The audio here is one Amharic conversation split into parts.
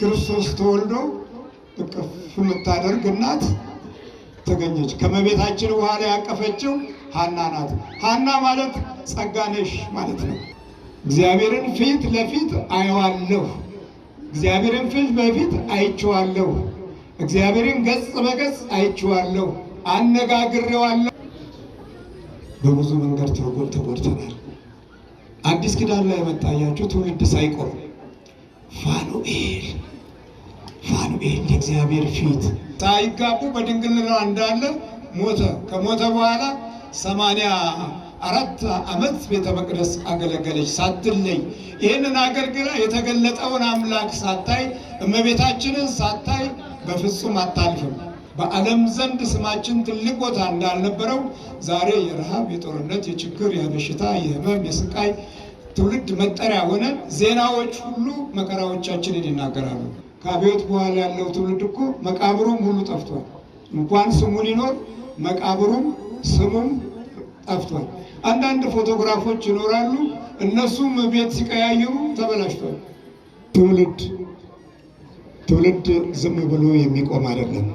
ክርስቶስ ተወልዶ እቅፍ የምታደርግ እናት ተገኘች። ከመቤታችን በኋላ ያቀፈችው ሀና ናት። ሀና ማለት ጸጋነሽ ማለት ነው። እግዚአብሔርን ፊት ለፊት አየዋለሁ፣ እግዚአብሔርን ፊት በፊት አይቼዋለሁ፣ እግዚአብሔርን ገጽ በገጽ አይቼዋለሁ፣ አነጋግሬዋለሁ። በብዙ መንገድ ተጎድተናል። አዲስ ኪዳን ላይ መጣያችሁ ትውልድ ሳይቆም ፋኑኤል ፋኑኤል የእግዚአብሔር ፊት ሳይጋቡ በድንግልና እንዳለ ሞተ። ከሞተ በኋላ ሰማንያ አራት ዓመት ቤተ መቅደስ አገለገለች ሳትለይ። ይህንን አገልግላ የተገለጠውን አምላክ ሳታይ እመቤታችንን ሳታይ በፍጹም አታልፍም። በዓለም ዘንድ ስማችን ትልቅ ቦታ እንዳልነበረው ዛሬ የረሃብ፣ የጦርነት፣ የችግር፣ የበሽታ፣ የህመም፣ የስቃይ ትውልድ መጠሪያ ሆነን ዜናዎች ሁሉ መከራዎቻችንን ይናገራሉ። ከአብዮት በኋላ ያለው ትውልድ እኮ መቃብሩም ሁሉ ጠፍቷል። እንኳን ስሙ ሊኖር መቃብሩም ስሙም ጠፍቷል። አንዳንድ ፎቶግራፎች ይኖራሉ። እነሱም ቤት ሲቀያየሩ ተበላሽቷል። ትውልድ ትውልድ ዝም ብሎ የሚቆም አይደለም።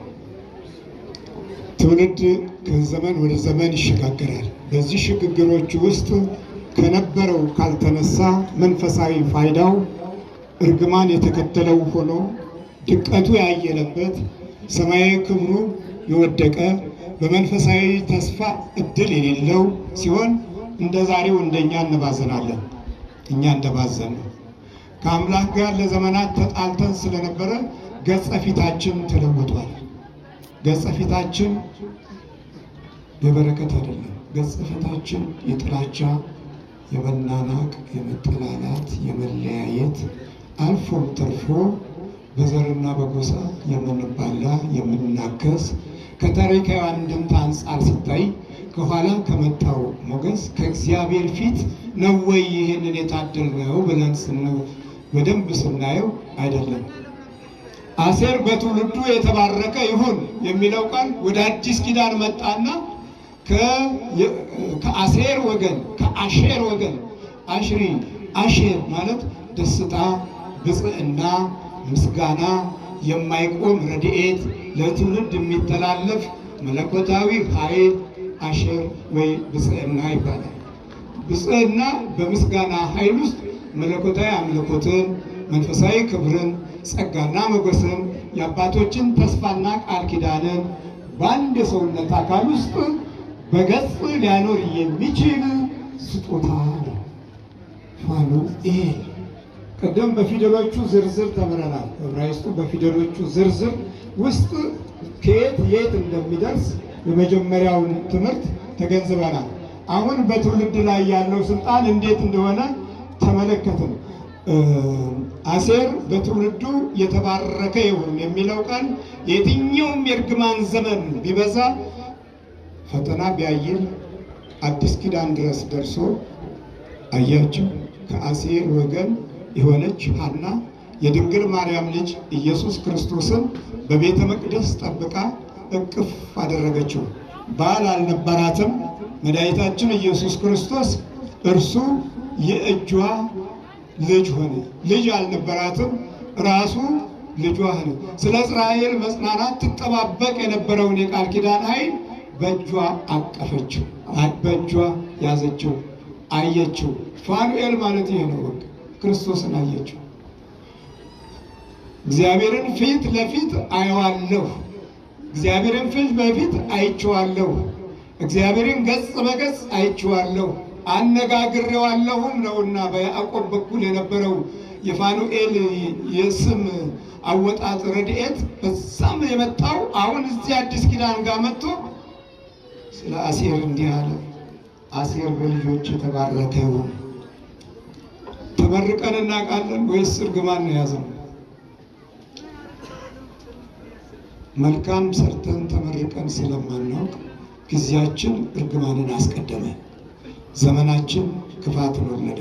ትውልድ ከዘመን ወደ ዘመን ይሸጋገራል። በዚህ ሽግግሮች ውስጥ ከነበረው ካልተነሳ መንፈሳዊ ፋይዳው እርግማን የተከተለው ሆኖ ድቀቱ ያየለበት ሰማያዊ ክብሩ የወደቀ በመንፈሳዊ ተስፋ እድል የሌለው ሲሆን እንደ ዛሬው እንደኛ እንባዘናለን። እኛ እንደባዘን ነው። ከአምላክ ጋር ለዘመናት ተጣልተን ስለነበረ ገጸ ፊታችን ተለውጧል። ገጸ ፊታችን የበረከት አይደለም። ገጸ ፊታችን የጥላቻ የመናናቅ፣ የመጠላላት፣ የመለያየት አልፎም ተርፎ በዘርና በጎሳ የምንባላ የምናገስ ከታሪካዊ አንድምታ አንጻር ሲታይ ከኋላ ከመጣው ሞገስ ከእግዚአብሔር ፊት ነው ወይ ይህንን የታደልነው ብለን በደንብ ስናየው አይደለም። አሴር በትውልዱ የተባረከ ይሁን የሚለው ቃል ወደ አዲስ ኪዳን መጣና ከአሴር ወገን ከአሼር ወገን አሽሪ አሼር ማለት ደስታ፣ ብፅዕና፣ ምስጋና፣ የማይቆም ረድኤት፣ ለትውልድ የሚተላለፍ መለኮታዊ ኃይል አሼር ወይ ብፅዕና ይባላል። ብፅዕና በምስጋና ኃይል ውስጥ መለኮታዊ አምልኮትን፣ መንፈሳዊ ክብርን፣ ጸጋና መጎስን፣ የአባቶችን ተስፋና ቃል ኪዳንን በአንድ የሰውነት አካል ውስጥ በገጽ ሊያኖር የሚችል ስጦታ ነው። ፋኑኤል ቅድም በፊደሎቹ ዝርዝር ተምረናል። ዕብራይስጡ በፊደሎቹ ዝርዝር ውስጥ ከየት የት እንደሚደርስ የመጀመሪያውን ትምህርት ተገንዝበናል። አሁን በትውልድ ላይ ያለው ስልጣን እንዴት እንደሆነ ተመለከትን። አሴር በትውልዱ የተባረከ ይሁን የሚለው ቃል የትኛውም የእርግማን ዘመን ቢበዛ ፈተና ቢያይል አዲስ ኪዳን ድረስ ደርሶ አያችሁ ከአሴር ወገን የሆነች ሐና የድንግል ማርያም ልጅ ኢየሱስ ክርስቶስን በቤተ መቅደስ ጠብቃ እቅፍ አደረገችው። ባል አልነበራትም። መድኃኒታችን ኢየሱስ ክርስቶስ እርሱ የእጇ ልጅ ሆነ። ልጅ አልነበራትም፣ ራሱ ልጇ ሆነ። ስለ እስራኤል መጽናናት ትጠባበቅ የነበረውን የቃል ኪዳን ኃይል በእጇ አቀፈችው፣ በእጇ ያዘችው፣ አየችው። ፋኑኤል ማለት ይሄ ነው። በቃ ክርስቶስን አየችው። እግዚአብሔርን ፊት ለፊት አየዋለሁ፣ እግዚአብሔርን ፊት ለፊት አይችዋለሁ። እግዚአብሔርን ገጽ በገጽ አይችዋለሁ፣ አነጋግሬዋለሁም ነውና በያዕቆብ በኩል የነበረው የፋኑኤል የስም አወጣጥ ረድኤት በዛም የመጣው አሁን እዚህ አዲስ ኪዳን ጋር መጥቶ ስለ አሴር እንዲህ አለ። አሴር በልጆች የተባረከ ይሁን። ተመርቀን እናውቃለን ወይስ እርግማን ነው የያዘው? መልካም ሰርተን ተመርቀን ስለማናውቅ ጊዜያችን እርግማንን አስቀደመ። ዘመናችን ክፋትን ወለደ።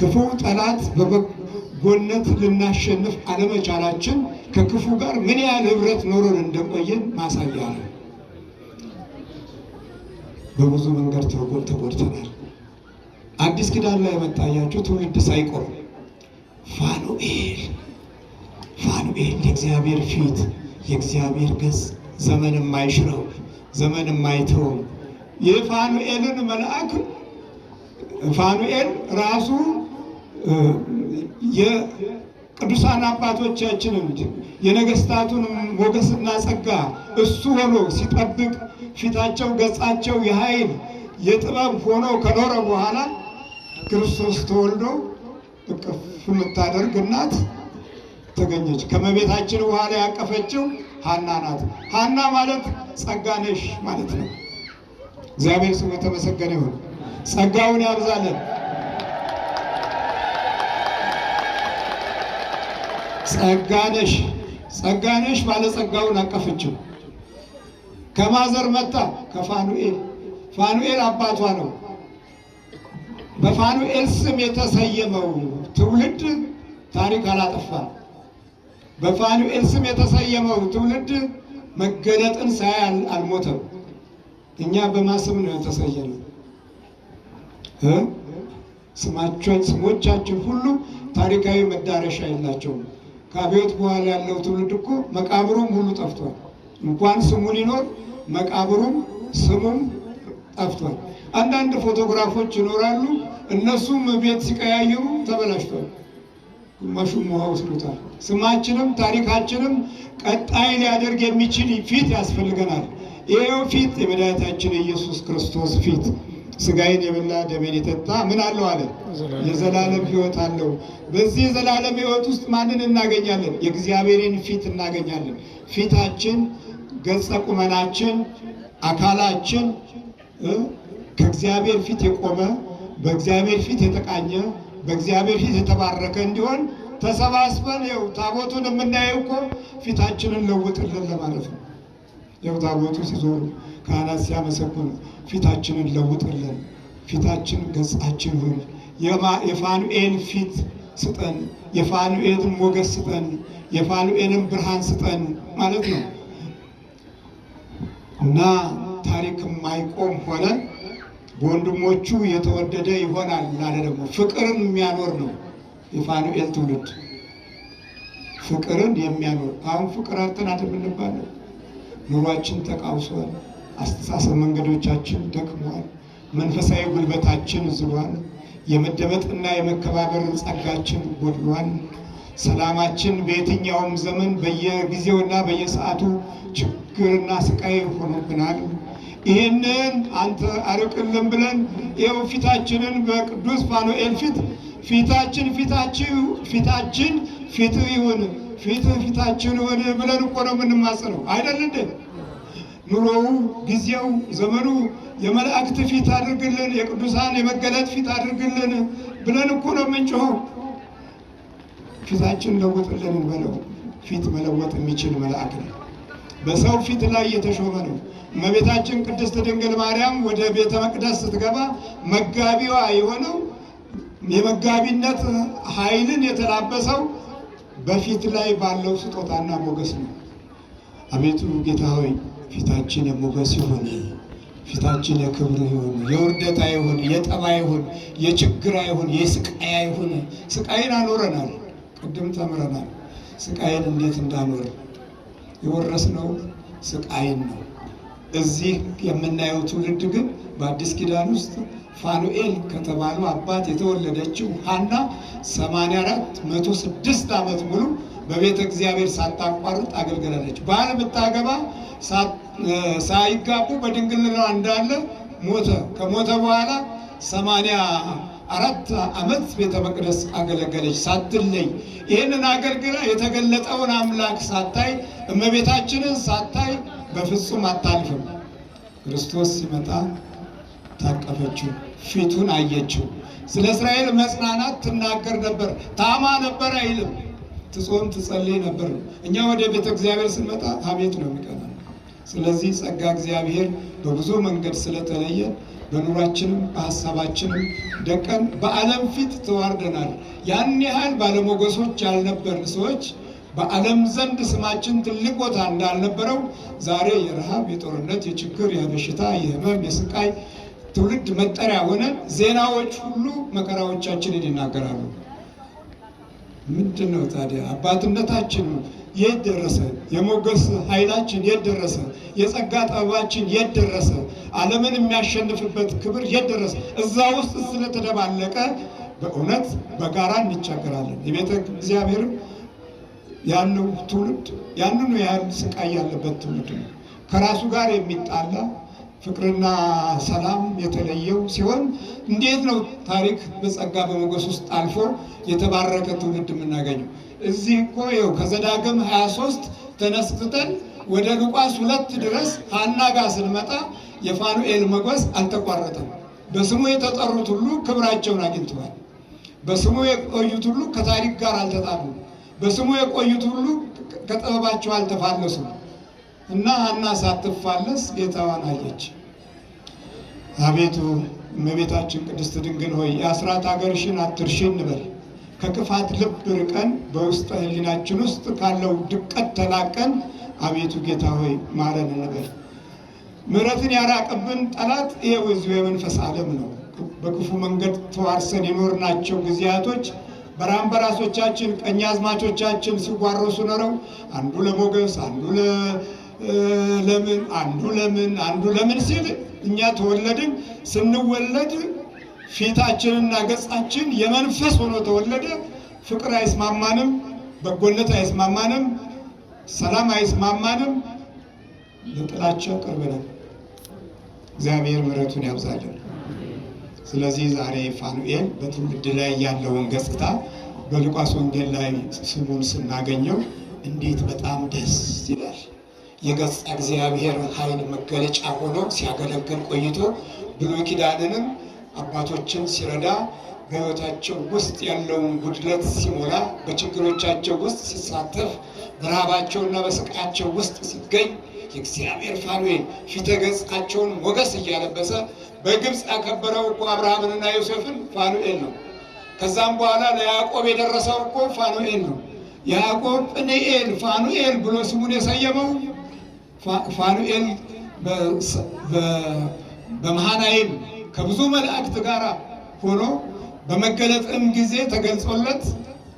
ክፉ ጠላት በበጎነት ልናሸንፍ አለመቻላችን ከክፉ ጋር ምን ያህል ህብረት ኖሮን እንደቆየን ማሳያ ነው። በብዙ መንገድ ትርጉም ተጎድተናል። አዲስ ኪዳን ላይ የመጣያችሁ ትውልድ ሳይቆም ፋኑኤል ፋኑኤል የእግዚአብሔር ፊት የእግዚአብሔር ገጽ ዘመን የማይሽረው ዘመን ማይተውም የፋኑኤልን መልአክ ፋኑኤል ራሱ የቅዱሳን አባቶቻችንን የነገስታቱን ሞገስና ጸጋ እሱ ሆኖ ሲጠብቅ ፊታቸው ገጻቸው የኃይል የጥበብ ሆኖ ከኖረ በኋላ ክርስቶስ ተወልዶ እቅፍ የምታደርግ እናት ተገኘች። ከመቤታችን በኋላ ያቀፈችው ሀና ናት። ሀና ማለት ጸጋነሽ ማለት ነው። እግዚአብሔር ስሙ የተመሰገነ ይሁን፣ ጸጋውን ያብዛለን። ጸጋነሽ ጸጋነሽ ባለጸጋውን አቀፈችው። ከማዘር መጣ ከፋኑኤል ፋኑኤል አባቷ ነው። በፋኑኤል ስም የተሰየመው ትውልድ ታሪክ አላጠፋ። በፋኑኤል ስም የተሰየመው ትውልድ መገለጥን ሳይ አልሞተም። እኛ በማሰብ ነው የተሰየመው። ስማቸውን ስሞቻችን ሁሉ ታሪካዊ መዳረሻ የላቸውም። ከአብዮት በኋላ ያለው ትውልድ እኮ መቃብሩም ሁሉ ጠፍቷል። እንኳን ስሙ ሊኖር መቃብሩም ስሙም ጠፍቷል። አንዳንድ ፎቶግራፎች ይኖራሉ። እነሱም ቤት ሲቀያየሩ ተበላሽቷል። ግማሹ ውሃ ወስዶታል። ስማችንም ታሪካችንም ቀጣይ ሊያደርግ የሚችል ፊት ያስፈልገናል። ይኸው ፊት የመድኃኒታችን ኢየሱስ ክርስቶስ ፊት ስጋዬን የበላ ደሜን የጠጣ ምን አለው አለ የዘላለም ህይወት አለው። በዚህ የዘላለም ህይወት ውስጥ ማንን እናገኛለን? የእግዚአብሔርን ፊት እናገኛለን። ፊታችን፣ ገጸ ቁመናችን፣ አካላችን ከእግዚአብሔር ፊት የቆመ በእግዚአብሔር ፊት የተቃኘ በእግዚአብሔር ፊት የተባረከ እንዲሆን ተሰባስበን ይኸው ታቦቱን የምናየው እኮ ፊታችንን ለውጥልን ለማለት ነው። የታቦቱ ሲዞሩ ካህናት ሲያመሰግኑ ፊታችንን ለውጥልን፣ ፊታችን ገጻችን ሁን፣ የፋኑኤል ፊት ስጠን፣ የፋኑኤልን ሞገስ ስጠን፣ የፋኑኤልን ብርሃን ስጠን ማለት ነው እና ታሪክ የማይቆም ሆነ በወንድሞቹ የተወደደ ይሆናል ላለ ደግሞ ፍቅርን የሚያኖር ነው የፋኑኤል ትውልድ ፍቅርን የሚያኖር አሁን ፍቅር አጥናት የምንባለው ኑሯችን ተቃውሷል። አስተሳሰብ መንገዶቻችን ደክሟል። መንፈሳዊ ጉልበታችን ዝሏል። የመደመጥና የመከባበር ጸጋችን ጎድሏል። ሰላማችን በየትኛውም ዘመን በየጊዜውና በየሰዓቱ ችግርና ስቃይ ሆኖብናል። ይህንን አንተ አርቅልን ብለን ይኸው ፊታችንን በቅዱስ ፋኑኤል ፊት ፊታችን ፊታችን ፊት ይሁን ፊት ፊታችን ሆነ ብለን እኮ ነው የምንማጽነው አይደል እንዴ? ኑሮው፣ ጊዜው፣ ዘመኑ የመላእክት ፊት አድርግልን፣ የቅዱሳን የመገለጥ ፊት አድርግልን ብለን እኮ ነው የምንጮኸው። ፊታችን ለውጥልን በለው። ፊት መለወጥ የሚችል መልአክ ነው። በሰው ፊት ላይ የተሾመ ነው። እመቤታችን ቅድስት ድንግል ማርያም ወደ ቤተ መቅደስ ስትገባ መጋቢዋ የሆነው የመጋቢነት ኃይልን የተላበሰው በፊት ላይ ባለው ስጦታና ሞገስ ነው። አቤቱ ጌታ ሆይ ፊታችን የሞገስ ይሆን፣ ፊታችን የክብር ይሆን፣ የውርደት አይሆን፣ የጠባ ይሆን የችግር አይሆን፣ የስቃይ አይሆን። ስቃይን አኖረናል፣ ቅድም ተምረናል። ስቃይን እንዴት እንዳኖር የወረስነው ስቃይን ነው። እዚህ የምናየው ትውልድ ግን በአዲስ ኪዳን ውስጥ ፋኑኤል ከተባሉ አባት የተወለደችው ሐና 84 106 ዓመት ሙሉ በቤተ እግዚአብሔር ሳታቋርጥ አገልግላለች። ባል ብታገባ ሳይጋቡ በድንግልና እንዳለ ሞተ። ከሞተ በኋላ 84 ዓመት ቤተ መቅደስ አገለገለች ሳትለይ። ይህንን አገልግላ የተገለጠውን አምላክ ሳታይ እመቤታችንን ሳታይ በፍጹም አታልፍም። ክርስቶስ ሲመጣ ታቀፈችው፣ ፊቱን አየችው። ስለ እስራኤል መጽናናት ትናገር ነበር፣ ታማ ነበር አይልም። ትጾም ትጸልይ ነበር እኛ ወደ ቤተ እግዚአብሔር ስንመጣ አቤት ነው የሚቀና። ስለዚህ ጸጋ እግዚአብሔር በብዙ መንገድ ስለተለየ በኑሯችንም በሀሳባችንም ደቀን በዓለም ፊት ተዋርደናል። ያን ያህል ባለሞገሶች ያልነበርን ሰዎች በዓለም ዘንድ ስማችን ትልቅ ቦታ እንዳልነበረው ዛሬ የረሃብ፣ የጦርነት፣ የችግር፣ የበሽታ፣ የህመም፣ የስቃይ ትውልድ መጠሪያ ሆነን ዜናዎች ሁሉ መከራዎቻችንን ይናገራሉ። ምንድን ነው ታዲያ አባትነታችን የት ደረሰ? የሞገስ ኃይላችን የት ደረሰ? የጸጋ ጥበባችን የት ደረሰ? ዓለምን የሚያሸንፍበት ክብር የት ደረሰ? እዛ ውስጥ ስለተደባለቀ በእውነት በጋራ እንቸገራለን። የቤተ እግዚአብሔር ያለው ትውልድ ያንኑ ያህል ስቃይ ያለበት ትውልድ ነው። ከራሱ ጋር የሚጣላ ፍቅርና ሰላም የተለየው ሲሆን እንዴት ነው ታሪክ በጸጋ በሞገስ ውስጥ አልፎ የተባረከ ትውልድ የምናገኘው? እዚህ እኮ ይኸው ከዘዳግም 23 ተነስተን ወደ ሉቃስ ሁለት ድረስ ሀና ጋር ስንመጣ የፋኑኤል መጎስ አልተቋረጠም። በስሙ የተጠሩት ሁሉ ክብራቸውን አግኝተዋል። በስሙ የቆዩት ሁሉ ከታሪክ ጋር አልተጣሉም። በስሙ የቆዩት ሁሉ ከጥበባቸው አልተፋለሱም። እና ሐና ሳትፋለስ ጌታዋን አየች። አቤቱ እመቤታችን ቅድስት ድንግል ሆይ የአስራት ሀገርሽን አትርሺ እንበል። ከክፋት ልብ ርቀን በውስጥ ህሊናችን ውስጥ ካለው ድቀት ተላቀን አቤቱ ጌታ ሆይ ማረን እንበል። ምሕረትን ያራቅብን ጠላት ይኸው እዚሁ የመንፈስ ዓለም ነው። በክፉ መንገድ ተዋርሰን የኖርናቸው ጊዜያቶች በራምበራሶቻችን ቀኛዝማቾቻችን ሲዋረሱ ነረው አንዱ ለሞገስ አንዱ ለምን አንዱ ለምን አንዱ ለምን ሲል እኛ ተወለድን። ስንወለድ ፊታችንና ገጻችን የመንፈስ ሆኖ ተወለደ። ፍቅር አይስማማንም፣ በጎነት አይስማማንም፣ ሰላም አይስማማንም፣ ልጥላቸው ቅርብ ነን። እግዚአብሔር ምሕረቱን ያብዛልን። ስለዚህ ዛሬ ፋኑኤል በትውልድ ላይ ያለውን ገጽታ በሉቃስ ወንጌል ላይ ስሙን ስናገኘው እንዴት በጣም ደስ ይላል። የገጸ እግዚአብሔር ኃይል መገለጫ ሆኖ ሲያገለግል ቆይቶ ብሉይ ኪዳንንም አባቶችን ሲረዳ በሕይወታቸው ውስጥ ያለውን ጉድለት ሲሞላ በችግሮቻቸው ውስጥ ሲሳተፍ በረሃባቸውና በስቃቸው ውስጥ ሲገኝ የእግዚአብሔር ፋኑኤል ፊተ ገጻቸውን ሞገስ እያለበሰ በግብፅ ያከበረው እኮ አብርሃምንና ዮሴፍን ፋኑኤል ነው። ከዛም በኋላ ለያዕቆብ የደረሰው እኮ ፋኑኤል ነው። ያዕቆብ ጵኒኤል ፋኑኤል ብሎ ስሙን የሰየመው ፋኑኤል በመሃናይም ከብዙ መላእክት ጋር ሆኖ በመገለጥም ጊዜ ተገልጾለት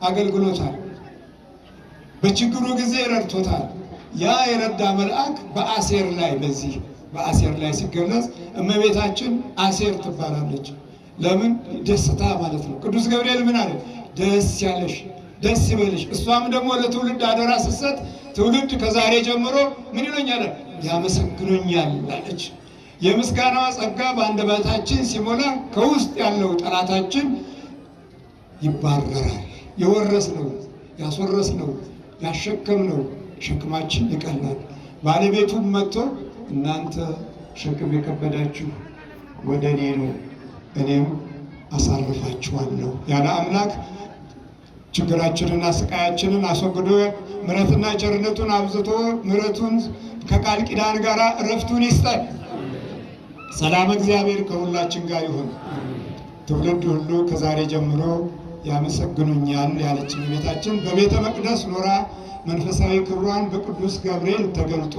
አገልግሎታል። በችግሩ ጊዜ ረድቶታል። ያ የረዳ መልአክ በአሴር ላይ በዚህ በአሴር ላይ ሲገለጽ እመቤታችን አሴር ትባላለች። ለምን? ደስታ ማለት ነው። ቅዱስ ገብርኤል ምን አለ? ደስ ያለሽ ደስ ይበልሽ። እሷም ደግሞ ለትውልድ አደራ ስትሰጥ ትውልድ ከዛሬ ጀምሮ ምን ይሉኛል ያመሰግኑኛል አለች። የምስጋና ጸጋ በአንደበታችን ሲሞላ ከውስጥ ያለው ጠላታችን ይባረራል። የወረስነው ያስወረስነው ያሸከምነው ሸክማችን ይቀላል። ባለቤቱም መጥቶ እናንተ ሸክም የከበዳችሁ ወደ እኔ ነው እኔም አሳርፋችኋለሁ ያለ አምላክ ችግራችንና ስቃያችንን አስወግዶ ምረትና ቸርነቱን አብዝቶ ምረቱን ከቃል ኪዳን ጋር እረፍቱን ይስጠን። ሰላም እግዚአብሔር ከሁላችን ጋር ይሁን። ትውልድ ሁሉ ከዛሬ ጀምሮ ያመሰግኑኛል ያለች እመቤታችን በቤተ መቅደስ ኖራ መንፈሳዊ ክብሯን በቅዱስ ገብርኤል ተገልጦ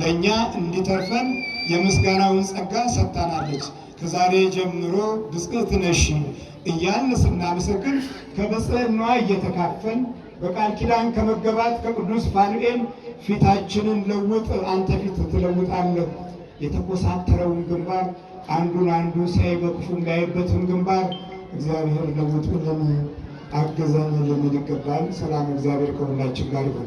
ለእኛ እንዲተርፈን የምስጋናውን ጸጋ ሰጥታናለች። ከዛሬ ጀምሮ ብፅዕት ነሽ እያልን ስናመሰግን ከብፅዕና እየተካፈን በቃል ኪዳን ከመገባት ከቅዱስ ፋኑኤል ፊታችንን ለውጥ አንተ ፊት ትለውጣለህ። የተኮሳተረውን ግንባር አንዱን አንዱ ሳይ በክፉ እንዳይበትን ግንባር እግዚአብሔር ለውጡልን፣ አግዘን ልንል ይገባል። ሰላም እግዚአብሔር ከሁላችን ጋር ይሁን።